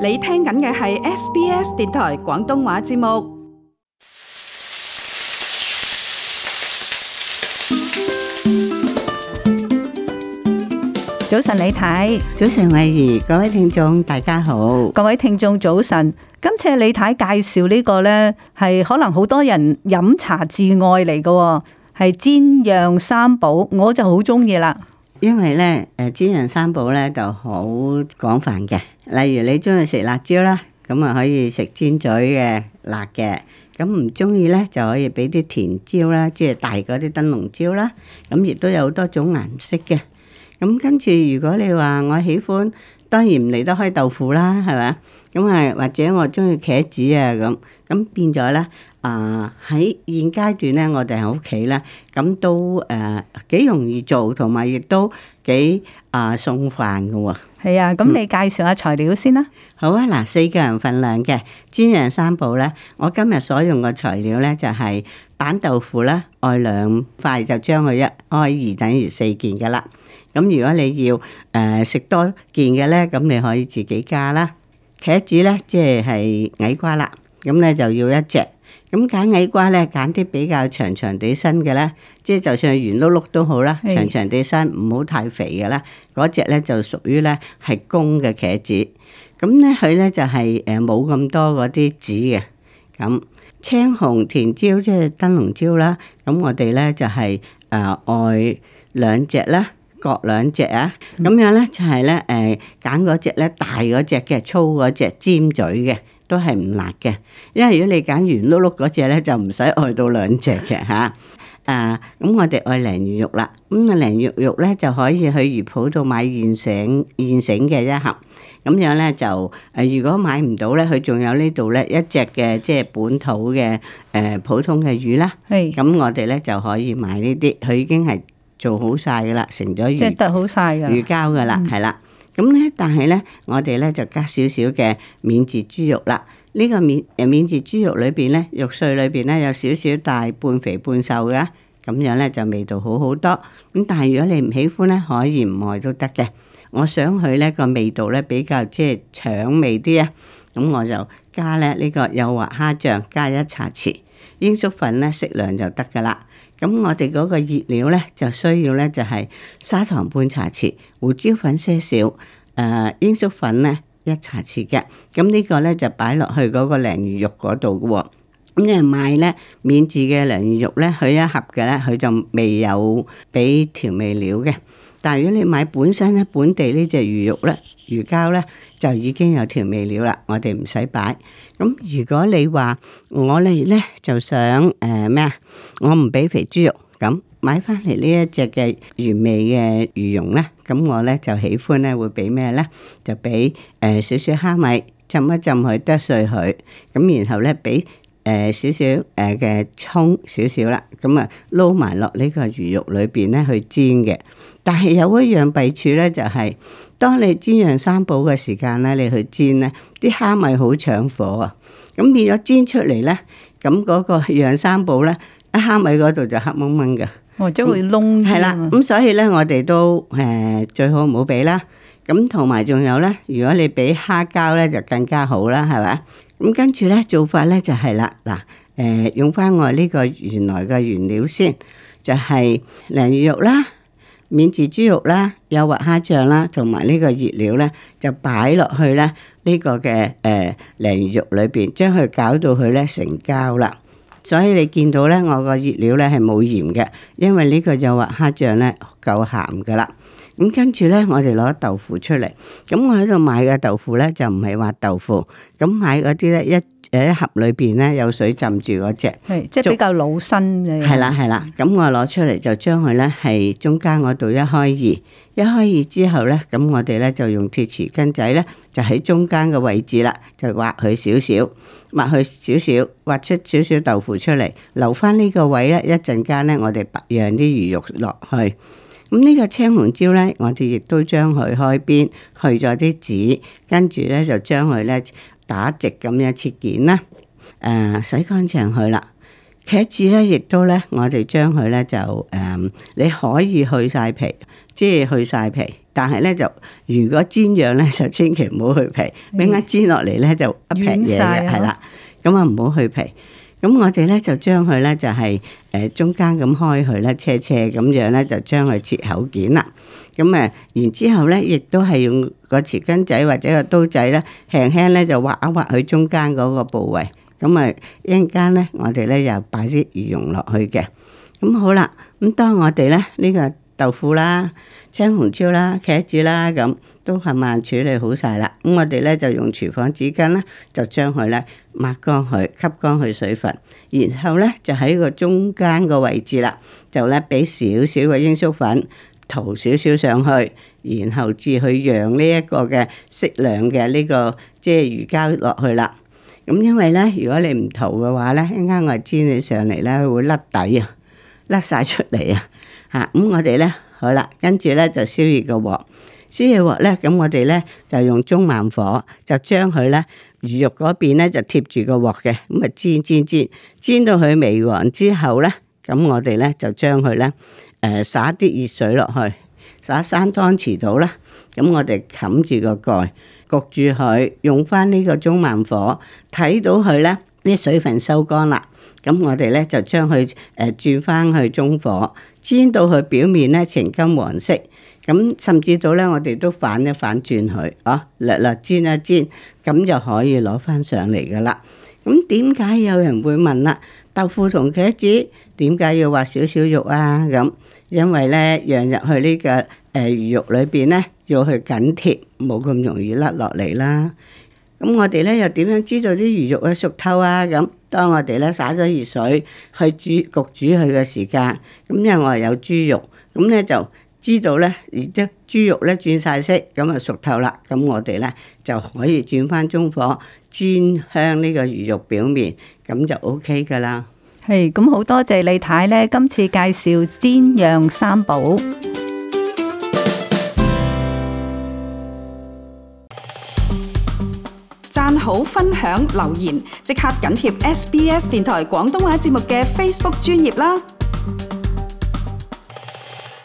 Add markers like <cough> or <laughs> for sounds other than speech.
你聽緊嘅係 SBS 電台廣東話節目。早晨李太，早晨慧儀，各位聽眾大家好，各位聽眾早晨。今次李太介紹呢個呢，係可能好多人飲茶摯愛嚟㗎喎，係煎釀三寶，我就好鍾意啦。因為咧，誒煎釀三寶咧就好廣泛嘅。例如你中意食辣椒啦，咁啊可以食煎嘴嘅辣嘅。咁唔中意咧，就可以俾啲甜椒啦，即係大嗰啲燈籠椒啦。咁亦都有好多種顏色嘅。咁跟住，如果你話我喜歡。當然唔離得開豆腐啦，係咪？咁啊，或者我中意茄子啊，咁咁變咗咧啊！喺、呃、現階段咧，我哋喺屋企咧，咁都誒幾容易做，同埋亦都幾啊、呃、送飯㗎喎。係啊，咁你介紹下材料先啦、嗯。好啊，嗱，四個人份量嘅煎釀三寶咧，我今日所用嘅材料咧就係、是。揀豆腐咧，愛兩塊就將佢一開二等於四件噶啦。咁如果你要誒食多件嘅咧，咁你可以自己加啦。茄子咧，即係矮瓜啦。咁咧就要一隻。咁揀矮瓜咧，揀啲比較長長地身嘅咧，即係就算係圓碌碌都好啦，長長地身唔好太肥嘅啦。嗰隻咧就屬於咧係公嘅茄子。咁咧佢咧就係誒冇咁多嗰啲籽嘅咁。青紅甜椒即係燈籠椒啦，咁我哋咧就係、是、誒、呃、外兩隻啦，各兩隻啊，咁樣咧就係咧誒揀嗰隻咧大嗰隻嘅，粗嗰隻尖嘴嘅。都係唔辣嘅，因為如果你揀圓碌碌嗰隻咧，就唔使愛到兩隻嘅吓。誒，咁我哋愛鯪魚肉啦，咁鯪魚肉咧就可以去魚鋪度買現成現成嘅一盒。咁樣咧就誒，如果買唔到咧，佢仲有呢度咧一隻嘅即係本土嘅誒普通嘅魚啦。係，咁我哋咧就可以買呢啲，佢已經係做好晒噶啦，成咗魚即係做好晒嘅魚膠噶啦，係啦。咁咧，但係咧，我哋咧就加少少嘅免治豬肉啦。呢個免誒免治豬肉裏邊咧，肉碎裏邊咧有少少大半肥半瘦嘅，咁樣咧就味道好好多。咁但係如果你唔喜歡咧，可以唔愛都得嘅。我想佢咧個味道咧比較即係搶味啲啊。咁我就加咧呢個幼滑蝦醬，加一茶匙，鷹粟粉咧適量就得噶啦。咁我哋嗰個熱料咧就需要咧就係砂糖半茶匙、胡椒粉些少、誒、呃、鷹粟粉咧一茶匙嘅。咁呢個咧就擺落去嗰個鯪魚肉嗰度嘅。咁你賣咧免治嘅鯪魚肉咧，佢一盒嘅咧，佢就未有俾調味料嘅。但如果你買本身咧，本地呢隻魚肉咧，魚膠咧，就已經有調味料啦，我哋唔使擺。咁如果你話我哋咧，就想誒咩啊？我唔俾肥豬肉，咁買翻嚟呢一隻嘅原味嘅魚蓉咧，咁我咧就喜歡咧會俾咩咧？就俾誒少少蝦米浸一浸佢，剁碎佢，咁然後咧俾。誒，點點少少誒嘅蔥少少啦，咁啊撈埋落呢個魚肉裏邊咧去煎嘅。但係有一樣弊處咧，就係當你煎釀三寶嘅時間咧，你去煎咧，啲蝦米好搶火啊！咁變咗煎出嚟咧，咁嗰個釀三寶咧，啲蝦米嗰度就黑蒙蒙嘅，哦，即係會燶係啦。咁 <laughs> 所以咧，我哋都誒最好唔好俾啦。咁同埋仲有咧，如果你俾蝦膠咧，就更加好啦，係咪？咁跟住咧做法咧就係、是、啦，嗱、呃，誒用翻我呢個原來嘅原料先，就係、是、鯪魚肉啦、免治豬肉啦、幼滑蝦醬啦，同埋呢個醃料咧，就擺落去咧呢、這個嘅誒鯪魚肉裏邊，將佢搞到佢咧成膠啦。所以你見到咧，我個熱料咧係冇鹽嘅，因為呢個就話蝦醬咧夠鹹噶啦。咁跟住咧，我哋攞豆腐出嚟。咁我喺度買嘅豆腐咧就唔係滑豆腐。咁買嗰啲咧一。有一盒裏邊咧有水浸住嗰隻，係即係比較老身嘅。係啦係啦，咁我攞出嚟就將佢咧係中間嗰度一開二，一開二之後咧，咁我哋咧就用鐵匙羹仔咧就喺中間嘅位置啦，就挖佢少少，挖去少少，挖出少少豆腐出嚟，留翻呢個位咧，一陣間咧我哋白釀啲魚肉落去。咁呢個青紅椒咧，我哋亦都將佢開邊，去咗啲籽，跟住咧就將佢咧。打直咁樣切件啦，誒、啊、洗乾淨佢啦，茄子咧亦都咧，我哋將佢咧就誒、嗯，你可以去晒皮，即係去晒皮，但係咧就如果煎釀咧就千祈唔好去皮，俾啱、嗯、煎落嚟咧就一平嘢係啦，咁啊唔好去皮。咁我哋咧就將佢咧就係誒中間咁開佢咧斜斜咁樣咧就將佢切口件啦。咁啊，然之後咧亦都係用個匙羹仔或者個刀仔咧，輕輕咧就劃一劃佢中間嗰個部位。咁啊，一陣間咧我哋咧就擺啲魚蓉落去嘅。咁好啦，咁當我哋咧呢、這個。豆腐啦、青紅椒啦、茄子啦，咁都係慢處理好晒啦。咁我哋咧就用廚房紙巾咧，就將佢咧抹乾佢吸乾佢水分，然後咧就喺個中間個位置啦，就咧俾少少嘅鷹粟粉塗少少上去，然後至去釀呢一個嘅適量嘅呢個即係魚膠落去啦。咁因為咧，如果你唔塗嘅話咧，一陣間我煎你上嚟咧，會甩底啊。甩晒出嚟啊！吓、嗯、咁我哋咧好啦，跟住咧就燒熱個鑊。燒熱鑊咧，咁我哋咧就用中慢火，就將佢咧魚肉嗰邊咧就貼住個鑊嘅，咁、嗯、啊煎煎煎，煎到佢微黃之後咧，咁我哋咧就將佢咧誒灑啲熱水落去，灑三湯匙到啦。咁我哋冚住個蓋，焗住佢，用翻呢個中慢火，睇到佢咧啲水分收乾啦。咁我哋咧就將佢誒轉翻去中火，煎到佢表面咧呈金黃色，咁甚至到咧我哋都反一反轉佢，哦，略略煎一煎，咁就可以攞翻上嚟噶啦。咁點解有人會問啦？豆腐同茄子點解要挖少少肉啊？咁因為咧釀入去呢個誒魚肉裏邊咧，要去緊貼，冇咁容易甩落嚟啦。咁我哋咧又點樣知道啲魚肉啊熟透啊？咁當我哋咧灑咗熱水去煮焗煮佢嘅時間，咁因為我哋有豬肉，咁咧就知道咧而將豬肉咧轉晒色，咁啊熟透啦，咁我哋咧就可以轉翻中火煎香呢個魚肉表面，咁就 OK 噶啦。係，咁好多謝李太咧，今次介紹煎釀三寶。好，分享留言，即刻緊貼 SBS 電台廣東話節目嘅 Facebook 專頁啦！